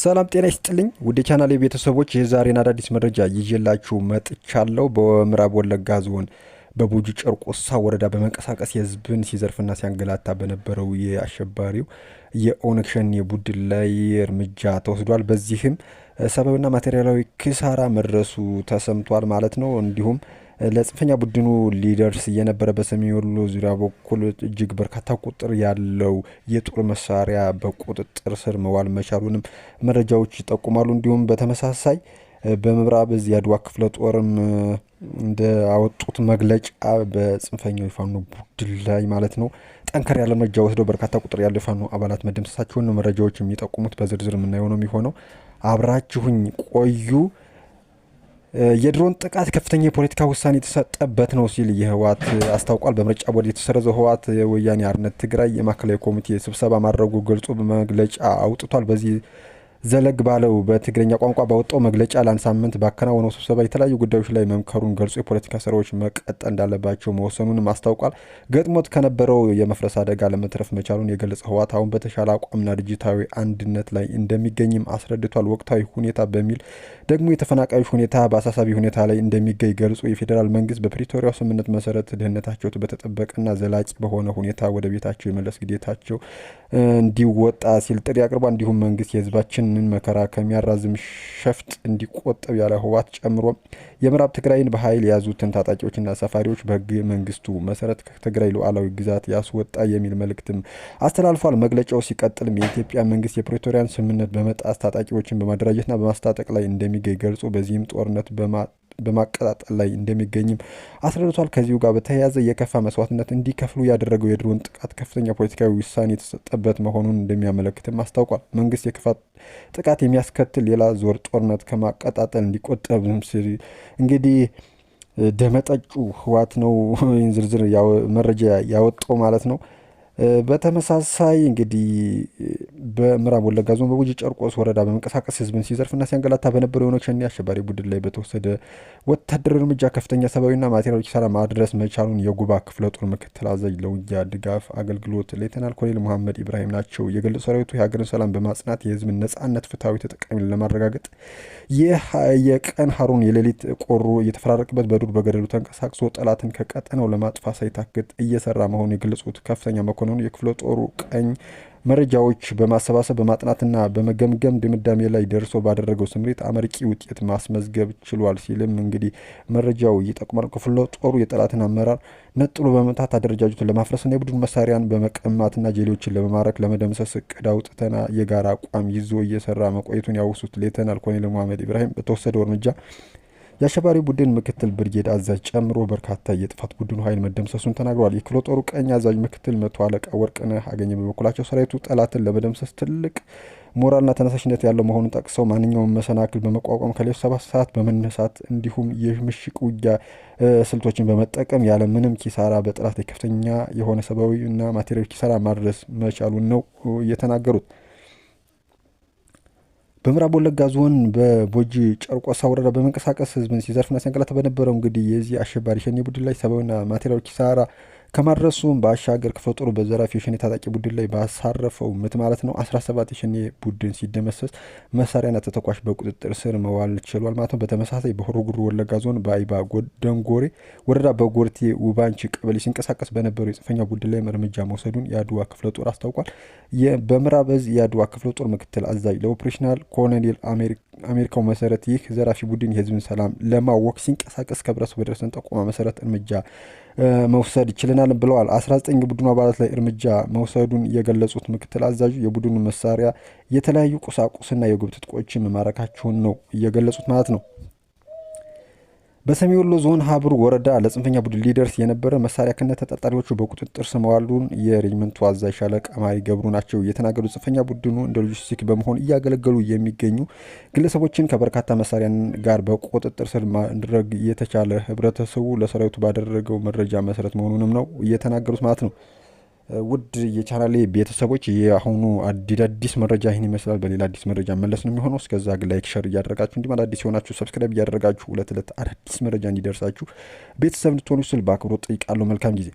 ሰላም ጤና ይስጥልኝ ውድ ቻናል የቤተሰቦች የዛሬን አዳዲስ መረጃ ይዤላችሁ መጥቻለሁ። በምዕራብ ወለጋ ዞን በቡጁ ጨርቆሳ ወረዳ በመንቀሳቀስ የህዝብን ሲዘርፍና ሲያንገላታ በነበረው የአሸባሪው የኦነግ ሸኔ ቡድን ላይ እርምጃ ተወስዷል። በዚህም ሰብአዊና ማቴሪያላዊ ኪሳራ መድረሱ ተሰምቷል ማለት ነው እንዲሁም ለጽንፈኛ ቡድኑ ሊደርስ እየነበረ በሰሜን ወሎ ዙሪያ በኩል እጅግ በርካታ ቁጥር ያለው የጦር መሳሪያ በቁጥጥር ስር መዋል መቻሉንም መረጃዎች ይጠቁማሉ። እንዲሁም በተመሳሳይ በምዕራብ እዝ የአድዋ ክፍለ ጦርም እንዳወጡት መግለጫ በጽንፈኛው የፋኖ ቡድን ላይ ማለት ነው ጠንከር ያለ እርምጃ ወስደው በርካታ ቁጥር ያለው የፋኖ አባላት መደምሰሳቸውን መረጃዎች የሚጠቁሙት። በዝርዝር የምናየው ነው የሚሆነው። አብራችሁኝ ቆዩ። የድሮን ጥቃት ከፍተኛ የፖለቲካ ውሳኔ የተሰጠበት ነው ሲል የህወሓት አስታውቋል። በምርጫ ቦርድ የተሰረዘው ህወሓት የወያኔ አርነት ትግራይ የማዕከላዊ ኮሚቴ ስብሰባ ማድረጉ ገልጾ መግለጫ አውጥቷል። በዚህ ዘለግ ባለው በትግረኛ ቋንቋ በወጣው መግለጫ ለአንድ ሳምንት ባከናወነው ስብሰባ የተለያዩ ጉዳዮች ላይ መምከሩን ገልጾ የፖለቲካ ስራዎች መቀጠል እንዳለባቸው መወሰኑንም አስታውቋል። ገጥሞት ከነበረው የመፍረስ አደጋ ለመትረፍ መቻሉን የገለጸ ህወሓት አሁን በተሻለ አቋምና ድርጅታዊ አንድነት ላይ እንደሚገኝም አስረድቷል። ወቅታዊ ሁኔታ በሚል ደግሞ የተፈናቃዮች ሁኔታ በአሳሳቢ ሁኔታ ላይ እንደሚገኝ ገልጾ የፌዴራል መንግስት በፕሪቶሪያው ስምምነት መሰረት ደህንነታቸው በተጠበቀና ዘላቂ በሆነ ሁኔታ ወደ ቤታቸው የመለስ ግዴታቸው እንዲወጣ ሲል ጥሪ አቅርቧ። እንዲሁም መንግስት የህዝባችንን መከራ ከሚያራዝም ሸፍጥ እንዲቆጠብ ያለ ህወሓት ጨምሮ የምዕራብ ትግራይን በኃይል የያዙትን ታጣቂዎችና ሰፋሪዎች በህገ መንግስቱ መሰረት ከትግራይ ሉዓላዊ ግዛት ያስወጣ የሚል መልእክትም አስተላልፏል። መግለጫው ሲቀጥልም የኢትዮጵያ መንግስት የፕሬቶሪያን ስምምነት በመጣስ ታጣቂዎችን በማደራጀትና በማስታጠቅ ላይ እንደሚገኝ ገልጾ በዚህም ጦርነት በማ በማቀጣጠል ላይ እንደሚገኝም አስረድቷል። ከዚሁ ጋር በተያያዘ የከፋ መስዋዕትነት እንዲከፍሉ ያደረገው የድሮን ጥቃት ከፍተኛ ፖለቲካዊ ውሳኔ የተሰጠበት መሆኑን እንደሚያመለክትም አስታውቋል። መንግስት የከፋ ጥቃት የሚያስከትል ሌላ ዞር ጦርነት ከማቀጣጠል እንዲቆጠብም ሲል እንግዲህ ደመጠጩ ህዋት ነው ይህን ዝርዝር መረጃ ያወጣው ማለት ነው። በተመሳሳይ እንግዲህ በምዕራብ ወለጋ ዞን በጉጂ ጨርቆስ ወረዳ በመንቀሳቀስ ህዝብን ሲዘርፍና ሲያንገላታ በነበረው የኦነግ ሸኔ አሸባሪ ቡድን ላይ በተወሰደ ወታደራዊ እርምጃ ከፍተኛ ሰብአዊና ማቴሪያል ኪሳራ ማድረስ መቻሉን የጉባ ክፍለ ጦር ምክትል አዛዥ ለውጊያ ድጋፍ አገልግሎት ሌተናል ኮሎኔል መሐመድ ኢብራሂም ናቸው የገለጹ። ሰራዊቱ የሀገርን ሰላም በማጽናት የህዝብን ነጻነት ፍትሐዊ ተጠቃሚ ለማረጋገጥ ይህ የቀን ሀሩን የሌሊት ቆሩ እየተፈራረቅበት በዱር በገደሉ ተንቀሳቅሶ ጠላትን ከቀጠነው ለማጥፋት ሳይታክት እየሰራ መሆኑ የገለጹት ከፍተኛ መኮንን የሆነውን የክፍለ ጦሩ ቀኝ መረጃዎች በማሰባሰብ በማጥናትና በመገምገም ድምዳሜ ላይ ደርሶ ባደረገው ስምሪት አመርቂ ውጤት ማስመዝገብ ችሏል ሲልም እንግዲህ መረጃው ይጠቁማል። ክፍለ ጦሩ የጠላትን አመራር ነጥሎ በመምታት አደረጃጀቱን ለማፍረስና የቡድን መሳሪያን በመቀማትና ጄሌዎችን ለመማረክ ለመደምሰስ እቅድ አውጥተና የጋራ አቋም ይዞ እየሰራ መቆየቱን ያወሱት ሌተናል ኮሎኔል መሐመድ ኢብራሂም በተወሰደው እርምጃ የአሸባሪ ቡድን ምክትል ብርጌድ አዛዥ ጨምሮ በርካታ የጥፋት ቡድኑ ኃይል መደምሰሱን ተናግረዋል። የክፍለ ጦሩ ቀኝ አዛዥ ምክትል መቶ አለቃ ወርቅነህ አገኘ በበኩላቸው ሰራዊቱ ጠላትን ለመደምሰስ ትልቅ ሞራልና ተነሳሽነት ያለው መሆኑን ጠቅሰው ማንኛውም መሰናክል በመቋቋም ከሌሎች ሰባት ሰዓት በመነሳት እንዲሁም የምሽቅ ውጊያ ስልቶችን በመጠቀም ያለ ምንም ኪሳራ በጥላት ከፍተኛ የሆነ ሰብአዊና ማቴሪያል ኪሳራ ማድረስ መቻሉን ነው የተናገሩት። በምዕራብ ወለጋ ዞን በቦጂ ጨርቆሳ ወረዳ በመንቀሳቀስ ህዝብን ሲዘርፍና ሲያንገላታ በነበረው እንግዲህ የዚህ አሸባሪ ሸኔ ቡድን ላይ ሰብአዊና ማቴሪያል ኪሳራ ከማድረሱም ባሻገር ክፍለጦሩ በዘራፊ ሸኔ ታጣቂ ቡድን ላይ ባሳረፈው ምት ማለት ነው 17 የሸኔ ቡድን ሲደመሰስ መሳሪያና ተተኳሽ በቁጥጥር ስር መዋል ችሏል ማለት ነው። በተመሳሳይ በሆሮ ጉሩ ወለጋ ዞን በአይባ ደንጎሬ ወረዳ በጎርቴ ውባንች ቀበሌ ሲንቀሳቀስ በነበረው የጽፈኛ ቡድን ላይ እርምጃ መውሰዱን የአድዋ ክፍለ ጦር አስታውቋል። በምዕራብ የአድዋ ክፍለ ጦር ምክትል አዛዥ ለኦፕሬሽናል ኮሎኔል አሜሪካ አሜሪካው መሰረት ይህ ዘራፊ ቡድን የህዝብን ሰላም ለማወክ ሲንቀሳቀስ ከህብረተሰቡ በደረሰን ጠቆማ መሰረት እርምጃ መውሰድ ችለናል ብለዋል። 19 የቡድኑ አባላት ላይ እርምጃ መውሰዱን የገለጹት ምክትል አዛዡ የቡድኑ መሳሪያ፣ የተለያዩ ቁሳቁስና የግብ ትጥቆችን መማረካቸውን ነው እየገለጹት ማለት ነው። በሰሜን ወሎ ዞን ሀብሩ ወረዳ ለጽንፈኛ ቡድን ሊደርስ የነበረ መሳሪያ ከነ ተጠርጣሪዎቹ በቁጥጥር ስር መዋሉን የሬጅመንቱ አዛዥ ሻለቃ ማሪ ገብሩ ናቸው የተናገሩ። ጽንፈኛ ቡድኑ እንደ ሎጂስቲክ በመሆን እያገለገሉ የሚገኙ ግለሰቦችን ከበርካታ መሳሪያ ጋር በቁጥጥር ስር ማድረግ የተቻለ ህብረተሰቡ ለሰራዊቱ ባደረገው መረጃ መሰረት መሆኑንም ነው እየተናገሩት ማለት ነው። ውድ የቻናሌ ቤተሰቦች የአሁኑ አዲስ መረጃ ይህን ይመስላል። በሌላ አዲስ መረጃ መለስ ነው የሚሆነው። እስከዛ ግን ላይክ፣ ሸር እያደረጋችሁ እንዲሁም አዳዲስ የሆናችሁ ሰብስክራይብ እያደረጋችሁ ሁለት ዕለት አዳዲስ መረጃ እንዲደርሳችሁ ቤተሰብ እንድትሆኑ ስል በአክብሮት ጠይቃለሁ። መልካም ጊዜ